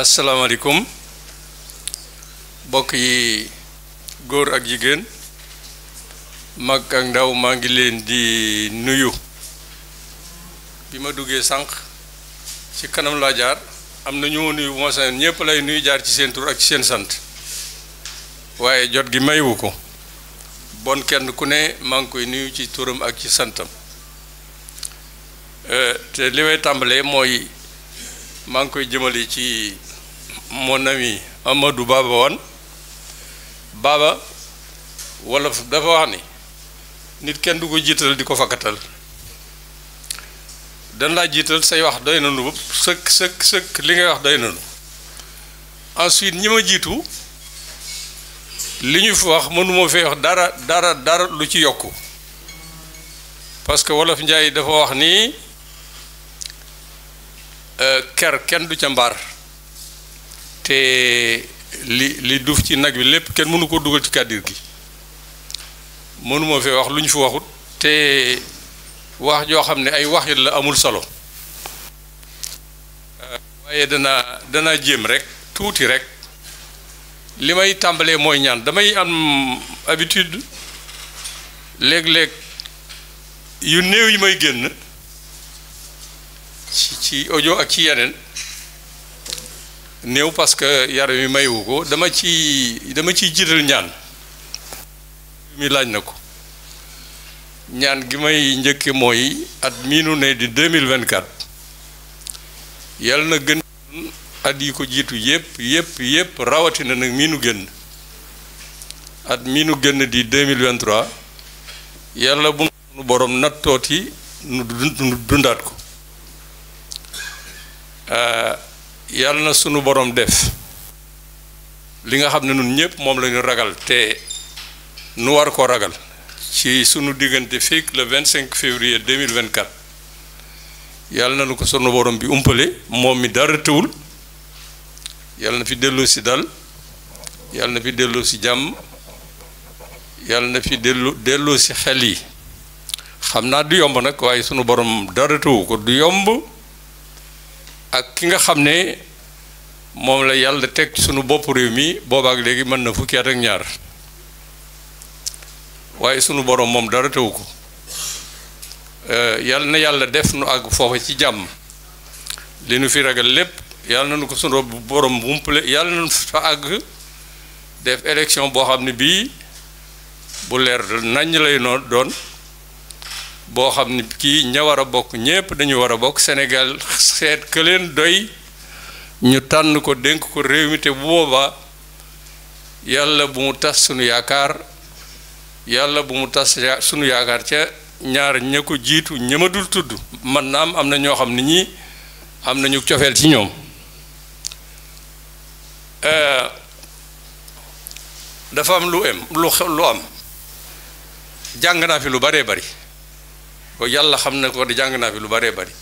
asalaamaaleykum mbokk yi góor ak jigéen mag ak ndaw maa ngi leen di nuyu bi ma duggee sànq ci kanam laa jaar am na ñu nuyu bu ma sañoon ñëpp lay nuyu jaar ci seen tur ak ci seen sant waaye jot gi mayiwu ko bon kenn ku ne maa ngi koy nuyu ci turam ak ci santam euh, te li tàmbalee mooy maa ngi koy jëmale ci moo ami Amadou Baba woon Baba wolof dafa wax ni nit kenn du ko jiital di ko fakkatal dan laa jiital say wax doy nanu bopp sëkk sëkk sëkk li ngay wax doy nanu ensuite ñi ma jiitu li ñu fi wax mënuma fee wax dara dara dara lu ci yokku parce que wolof njaay dafa wax nii euh, ker kenn du ca mbaar te li li duuf ci nag bi lépp kenn mënu koo dugal ci kàddir gi mënuma fi wax lu ñu fi waxut te wax joo xam ne ay waxit la amul solo euh, waaye danaa danaa jéem rek tuuti rek li may tàmbalee mooy ñaan damay am habitude léeg-léeg yu néew yi may génn ci ci audio ak ci yeneen néew parce que yaram wi mayu ko dama ci dama ciy jiital ñaan mi laaj na ko ñaan gi may njëkke mooy at miinu ne di 2024 yàlla na gën at yi ko jiitu yépp yépp yépp rawatina nag miinu génn at miinu génn di 2023 yàlla bu nu borom nattooti nu dundaat ko euh, yàlla na sunu borom def li nga xam ne noonu ñëpp moom lañu ragal te nu war ko ragal ci sunu diggante fekk le 25 février 2024 yàlla na lu ko sunu borom bi umpale moom mi dara tëwul yàlla na fi delloo si dal yàlla na fi delloo si jàmm yàlla na fi delloo delloo si xel yi xam naa du yomb nag waaye sunu borom dara tëwu ko du yomb ak ki nga xam ne moom la yàlla teg sunu bopp réew mi boobaak léegi mën na fukki at ak ñaar waaye sunu borom moom dara tewu ko eh, yàlla na yàlla def nu àgg foofa ci jàmm li nu fi ragal lépp yàlla na nu ko sunu borom wumpale yàlla na nu fa àgg def élection boo xam ne bii bu leer nàññ lay noo doon boo xam ne kii ña war a bokk ñépp dañu war a bokk senegal seet këleen doy ñu tànn ko dénk ko réew mi te bu boobaa yàlla bu mu tas sunu yaakaar yàlla bu mu tas sunu yaakaar ca ñaar ña ko jiitu ñëmadul tudd man naam am na ñoo xam ne ñii am nañu cofeel ci ñoom euh, dafa am lu em lu am jàng naa fi lu baree bari ko yàlla xam ne ko di jàng naa fi lu baree bari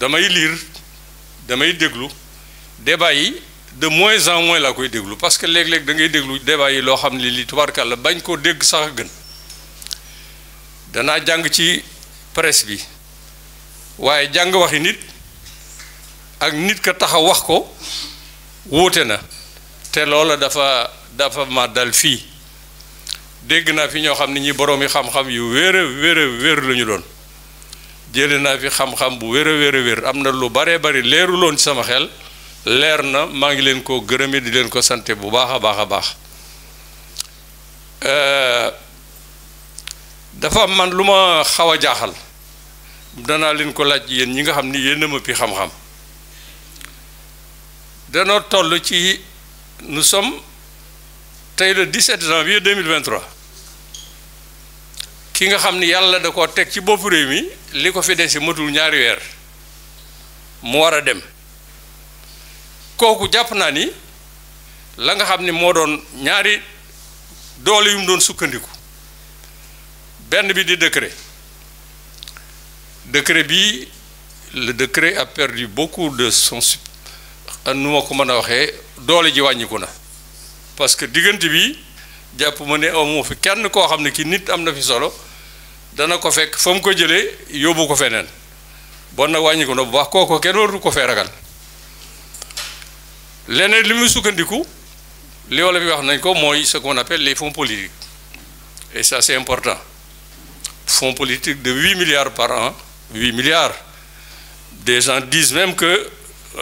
damay liir damay déglu débat yi de moins en moins laa koy déglu parce que léeg-léeg dangay déglu débat yi loo xam ni ne lii tubaarkàlla bañ koo dégg sax a gën danaa jàng ci presse bi waaye jàng waxi nit ak nit ka taxaw wax ko wuute na te loola dafa dafa ma dal fii dégg naa fi ñoo xam ni ñi boroomi xam-xam yu wér a wér a wér la doon jële naa fi xam-xam bu wér a wér a wér am na lu baree bari leeru loon sama xel leer na maa ngi leen koo gërëme di leen ko sante bu baax a baax a baax euh, dafa man lu ma xaw a jaaxal danaa leen ko laaj yéen ñi nga xam ni yéen a ma pi xam-xam danoo toll ci nous sommes tey le 17 janvier 2023 ki nga xam ni yàlla da koo teg ci bopp réew mi li ko fi dese matul ñaari weer mu war a dem kooku jàpp naa ni la nga xam ni moo doon ñaari doole yu mu doon sukkandiku benn bi di décret décret bi le décret a perdu beaucoup de son nu ma ko mën a waxee doole ji wàññiku na parce que diggante bi jàpp ma ne amu fi kenn koo xam ne kii nit am na fi solo dana ko fekk fa mu ko jëlee yóbbu ko feneen bon na wàññi ko na bu baax kooku kenn waratu ko fee ragal leneen li muy sukkandiku li wala bi wax nañ ko mooy ce qu'on appelle les fonds politiques et ça c'est important fonds politiques de huit milliards par an huit milliards des gens disent même que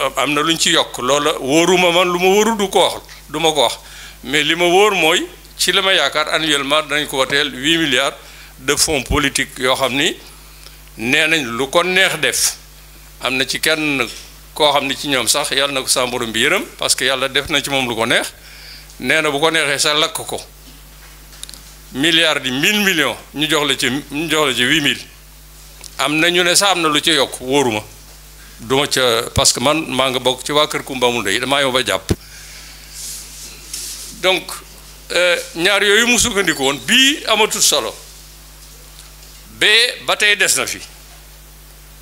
euh, am na lu ñu ci yokk loola wóoruma man lu ma wóoru du ko wax du ma ko wax mais li ma wóor mooy ci la ma yaakaar annuellement danañ ko wateel huit milliards de fonds politique yoo xam ni nee nañ lu ko neex def am na ci kenn koo xam ni ci ñoom sax yàlla na ko sa borom bi yërëm parce que yàlla def na ci moom lu ko neex nee na bu ko neexee sax lakk ko milliards di mille millions ñu jox la ci ñu jox la mille am na ñu ne sax am na lu ci yokk wóoruma duma ca parce que man maa ngi bokk ci waa kër Kumba Munde yi damaa yow ba jàpp donc euh, ñaar yooyu mu sukkandiku woon bii amatul solo bee ba tey des na fi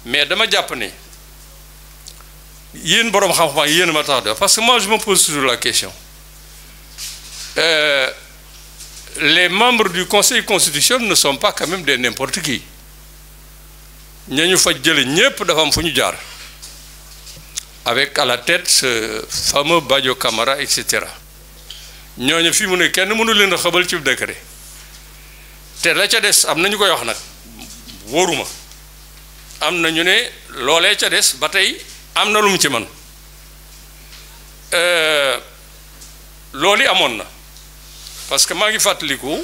mais dama jàpp ne yéen boroom xam-xam yéen ma tax de parce que moi je me pose toujours la question euh, les membres du conseil constitutionnel ne sont pas quand même des n'importe qui ña fa jële ñépp dafa am fu ñu jaar avec à la tête ce fameux Badio Camara ñooñu fii mu ne kenn mënu leen a xabal ci décret te la ca des am na ñu koy wax nag wóoruma am na ñu ne loolee ca des ba tey am na lu mu ci man euh, lool yi amoon na parce que maa ngi fàttaliku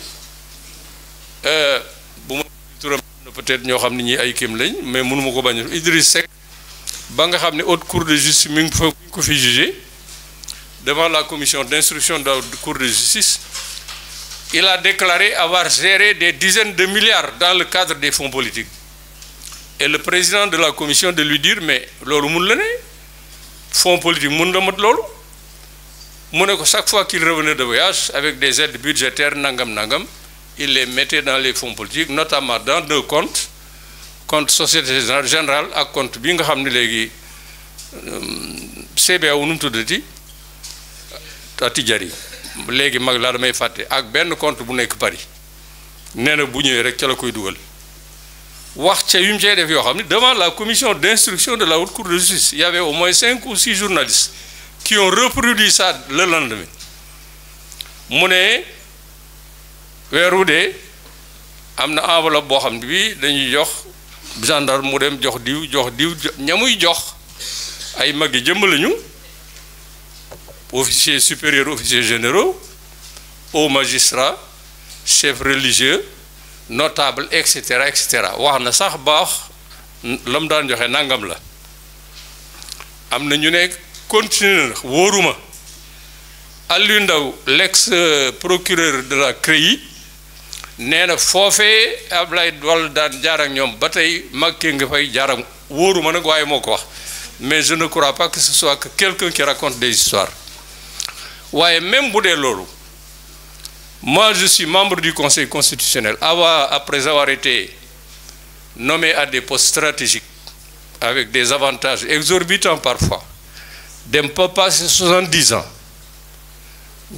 euh, bu ma turam na peut-être ñoo xam ne ñi ay kim lañ mais mënuma ko bañ Idriss Seck ba nga xam ne haute cour de justice mi ngi fa ko fi jugé devant la commission d'instruction de la Cour de justice, il a déclaré avoir géré des dizaines de milliards dans le cadre des fonds politiques. Et le président de la commission de lui dire mais loolu mun la ne fonds politique mun na mat loolu mu ne ko chaque fois qu'il revenait de voyage avec des aides budgétaires nangam nangam il les mettait dans les fonds politiques notamment dans deux comptes compte société générale ak compte bi nga xam ne léegi euh, CBAO nu mu tuddati Attijari léegi mag laa damay fàtte ak benn compte bu nekk Paris nee na bu ñëwee rek ca la koy dugal wax ca yu mu cay def yoo xam ne dama la commission d' instruction de la haute cour de justice il y avait au moins cinq ou six journalistes qui ont reproduit ça le lendemain mu ne weeru de am na enveloppe boo xam ne bii dañuy jox gendarme mu dem jox diw jox diw ñamuy jox ay mag yi jëmm lañu officiers supérieurs, officiers généraux, aux magistrats, chefs religieux, notables, etc. etc. wax na sax baax la mu daan joxe nangam la am na ñu ne continuer na wóoruma Aliou Ndao l'ex procureur de la CREI nee na foofee Ablaye Wàdd daan jaar ak ñoom ba tey Macky nga fay jaar ak wóoruma nag waaye moo ko wax mais jeune ne crois pas que ce soit quelqu'un qui raconte des histoires waaye même bu dee loolu moi je suis membre du conseil constitutionnel avant après avoir été nommé à des postes stratégiques avec des avantages exorbitants parfois dem pas passer soixante-dix ans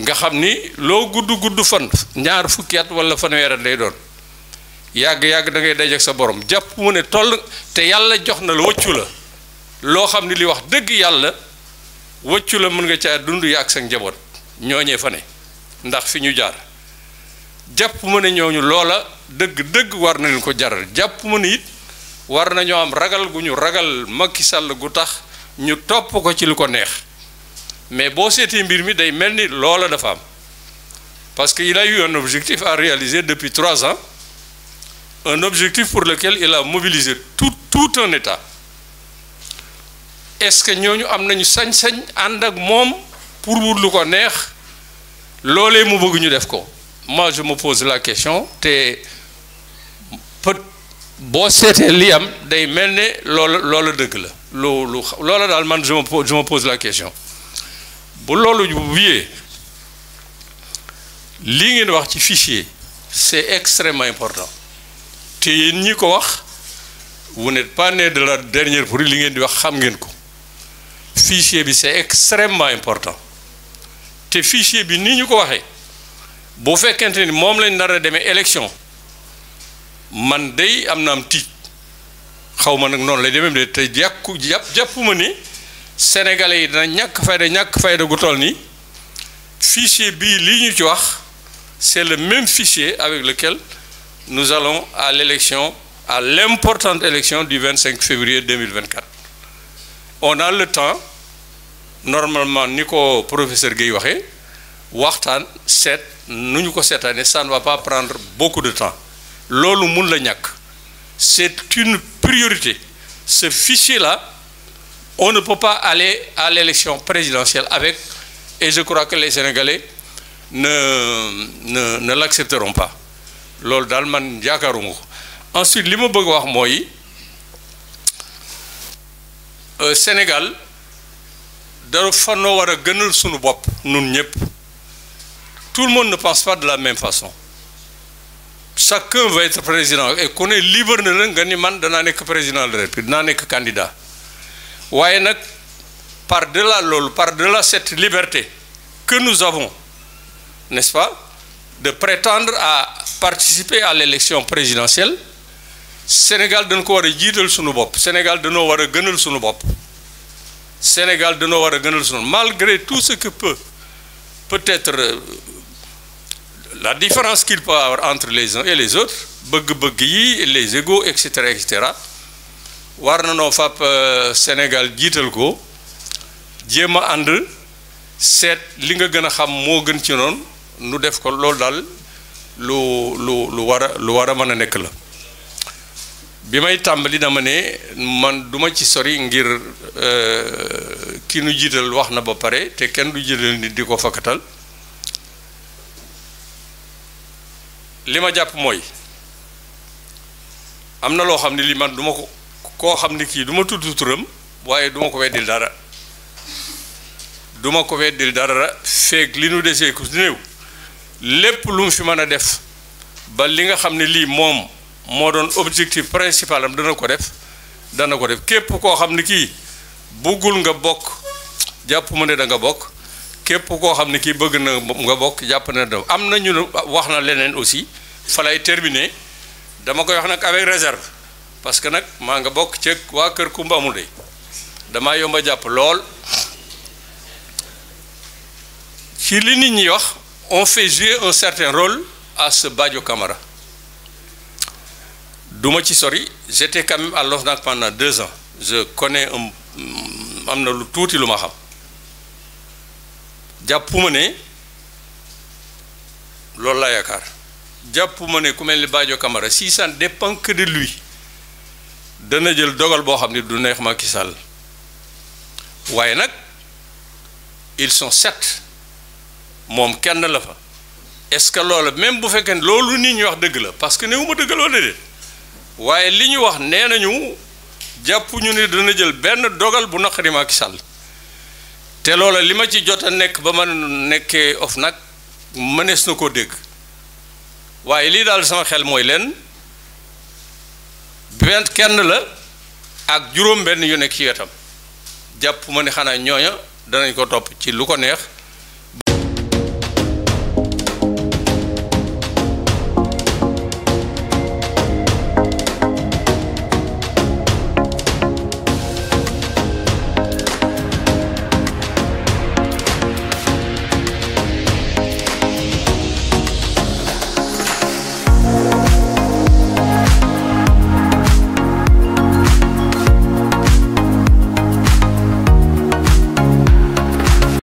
nga xam ni loo gudd gudd fan ñaar fukki at wala fanweer at lay doon yàgg-yàgg dangay ngay dajeek sa borom jàpp mu ne toll te yàlla jox na la wëccu la loo xam ni li wax dëgg yàlla wëccu la mën nga caa dund yàgg sa njaboot ñooñee fa ne ndax fi ñu jaar jàpp ma ne ñu loola dëgg-dëgg war na leen ko jaral jàpp ma ne it war nañoo am ragal gu ñu ragal Macky sàll gu tax ñu topp ko ci lu ko neex mais boo seetee mbir mi day mel ni loola dafa am parce que il a eu un objectif à réaliser depuis trois ans un objectif pour lequel il a mobilisé tout tout un État est-ce que ñooñu am nañu sañ-sañ ànd ak moom. pour wut lu ko neex loolee mu bëgg ñu def ko moi je me pose la question te peut boo seetee li am day mel ne loola loola dëgg la loolu loola daal man je me pose la question bu loolu wiyee lii ngeen wax ci fichier c'est extrêmement important te yéen ñi ko wax wu ne pas de la dernière pluie li ngeen di wax xam ngeen ko fichier bi c'est extrêmement important te fichier bi ni ñu ko waxee bu fekkente ni moom lañ nar a demee élection man day am na am tiit xawma nag noonu lay demee de te yàqu jàpp jàppuma ni sénégalais yi dana ñàkk fayda ñàkk fayda gu toll nii fichier bii lii ñu ci wax c'est le même fichier avec lequel nous allons à l'élection à l'importante élection du 25 février 2024 on a le temps normalement ni ko professeur Guèye waxee waxtaan seet nu ñu ko seetaanee ça ne va pas prendre beaucoup de temps loolu mun la ñàkk c'est une priorité ce fichier-là on ne peut pas aller à l'élection présidentielle avec et je crois que les Sénégalais ne ne ne pas loolu daal man yaakaaruma ko ensuite li ma bëgg wax mooy euh, Sénégal. dafa noo war a gënal sunu bopp nun ñëpp tout le monde ne pense pas de la même façon chaque veut être président et ku ne na la nga ni man danaa nekk président de la République danaa nekk candidat waaye nag par de la loolu par delà cette liberté que nous avons n'est-ce pas de prétendre à participer à l'élection présidentielle Sénégal dañ ko war a jiital sunu bopp Sénégal dañoo war a gënal sunu bopp Sénégal danoo war a gënal suñu malgré tout ce que peut peut-être euh, la différence qu'il peut avoir entre les uns et les autres bëgg-bëgg yi les égaux et cetera et war na noo fàpp euh, Sénégal jiital ko jéem a ànd seet li nga gën a xam moo gën ci noonu nu def ko loolu daal lu lu lu war a lu war a mën a nekk la bi may tàmbali dama ne man duma ci sori ngir euh, ki nu jiital wax na ba pare te kenn du jiital nit di ko fakkatal li ma jàpp mooy am na loo xam ne lii man duma ko koo xam ne kii duma tudd turam waaye duma ko weddil dara duma ko weddil dara feeg li nu desee ku néew lépp lu mu fi mën a def ba li nga xam ne lii moom moo doon objectif principal dana ko def dana ko def képp koo xam ne kii bëggul nga bokk jàpp mu ne da nga bokk képp koo xam ne kii bëgg na nga bokk jàpp ne da am na ñu wax na leneen aussi fa lay terminer dama koy wax nag avec réserve parce que nag maa nga bokk ci waa kër Kumba mu de damaa yomba jàpp lool ci li nit ñi wax on fait jouer un certain rôle à ce Badio Camara duma ci sori j'étais quand même na l'OFNAC pendant deux ans je connais mm, am na lu tuuti lu ma xam jàppuma ne loolu laa yaakaar jàppuma ne ku mel ni Badio Camara si ça ne dépend que de dana jël dogal boo xam ne du neex Macky Sall waaye nag ils sont sept moom kenn la fa est-ce que loolu même bu fekkee loolu nit ñi wax dëgg la parce que néew ma dëgg la wala déet waaye li ñu wax nee nañu jàpp ñu ne dana jël benn dogal bu naqari Macky Sall te loola li ma ci jot a nekk ba ma nekkee of nag mënees na koo dégg waaye lii daal sama xel mooy leen benn kenn la ak juróom benn yu nekk ci wetam jàpp ma ne xanaa ñooña danañ ko topp ci lu ko neex